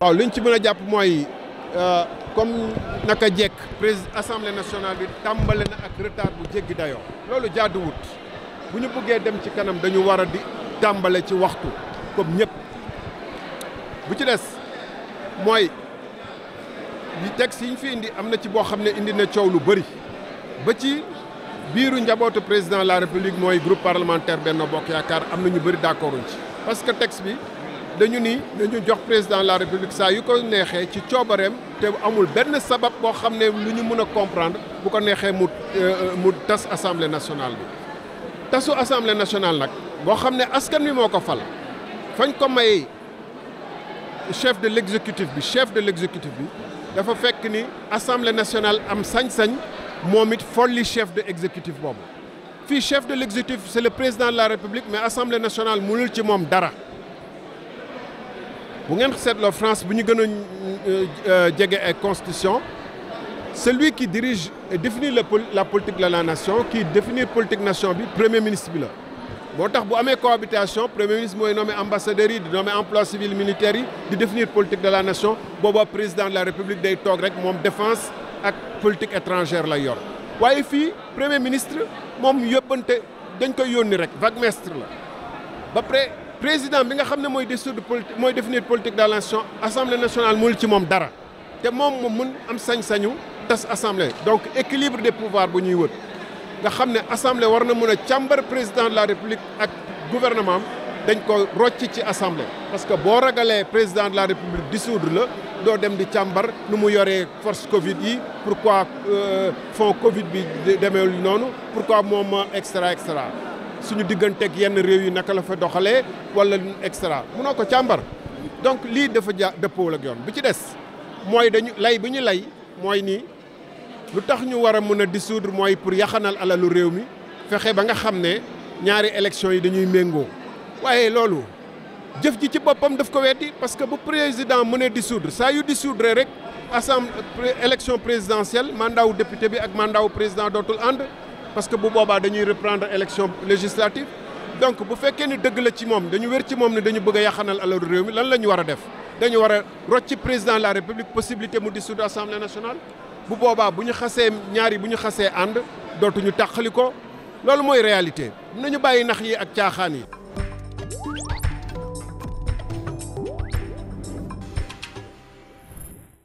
waaw li ñu ci mën a jàpp mooy euh, comme naka jekk président assemblée nationale bi tàmbale na ak retard bu jéggi dayoo. loolu jaaduwut bu ñu bëggee dem ci kanam dañu war a di tàmbale ci waxtu comme ñépp bu ci des mooy li texte yi ñu fi indi am na ci boo xam ne indi na coow lu bari ba ci. biiru njabootu président la république mooy groupe parlementaire benn Bokk Yaakaar am na ñu bëri d'accord ci parce que texte bi dañu ni dañu jox président la république saa yu ko neexee ci coobareem te amul benn sabab boo xam ne lu ñu mën a comprendre bu ko neexee mu euh, mu tas assemblée nationale bi tasu assemblée nationale nag boo xam ne askan wi moo ko fal fañ ko may chef de l'exécutif bi chef de l'exécutif bi dafa fekk ni assemblée nationale am sañ-sañ moom it folli chef de exécutif boobu fi chef de l' exécutif c' est le président de la république mais assemblée nationale mënul ci moom dara bu ngeen seetloo France bu ñu gën a euh, euh, jege ay constitution celui qui dirige et définit la politique de la nation qui définit politique nation bi premier ministre bi la moo tax bu amee cohabitation premier ministre mooy nommé ambassadeurs yi di nommé emploi civil militaire yi di définir politique de la nation boobaa président de la république day toog rek moom défense ak politique étrangère la yor waaye fii premier ministre moom yóbbante dañ koy yónni rek vague maître la ba pare président bi nga xam ne mooy décider politique mooy définir politique de la nation assemblée nationale mënul ci moom dara te moom mu mun am sañ-sañu tas assemblée donc équilibre des pouvoirs bu ñuy wër nga xam ne assamble war na mën a càmbar président de la république ak gouvernement dañ ko rocc ci assemblée. parce que boo ragalee président de la république dissoudre la doo dem di càmbar nu mu yoree force Covid yi pourquoi euh, fonds Covid bi demeewul noonu pourquoi moom et extra et cetera suñu digganteeg yenn réew yi naka la fa doxalee walla et cetera munoo ko càmbar. donc lii dafa ja dëppoo ak yoon bi ci des mooy dañu lay bi ñu lay mooy nii. lu tax ñu war a mën a dissoudre mooy pour yaxanal alalu réew mi fexe ba nga xam ne ñaari élection yi dañuy méngoo waaye loolu jëf ji ci boppam daf ko weddi parce que bu président mënee dissoudre saa yu dissoudre rek assemblée élection présidentielle mandat wu député bi ak mandat wu président dootul ànd parce que bu boobaa dañuy reprendre élection législative donc bu fekkee ni dëgg la ci moom dañu wér ci moom ne dañu bëgg a yaxanal alalu réew mi lan la ñu war a def dañu war a rocci président de la république possibilité mu dissoudre assemblée nationale bu boobaa bu ñu xasee ñaari bu ñu xasee ànd dootuñu tàqali ko loolu mooy réalité nañu bàyyi nax yi ak caaxaan yi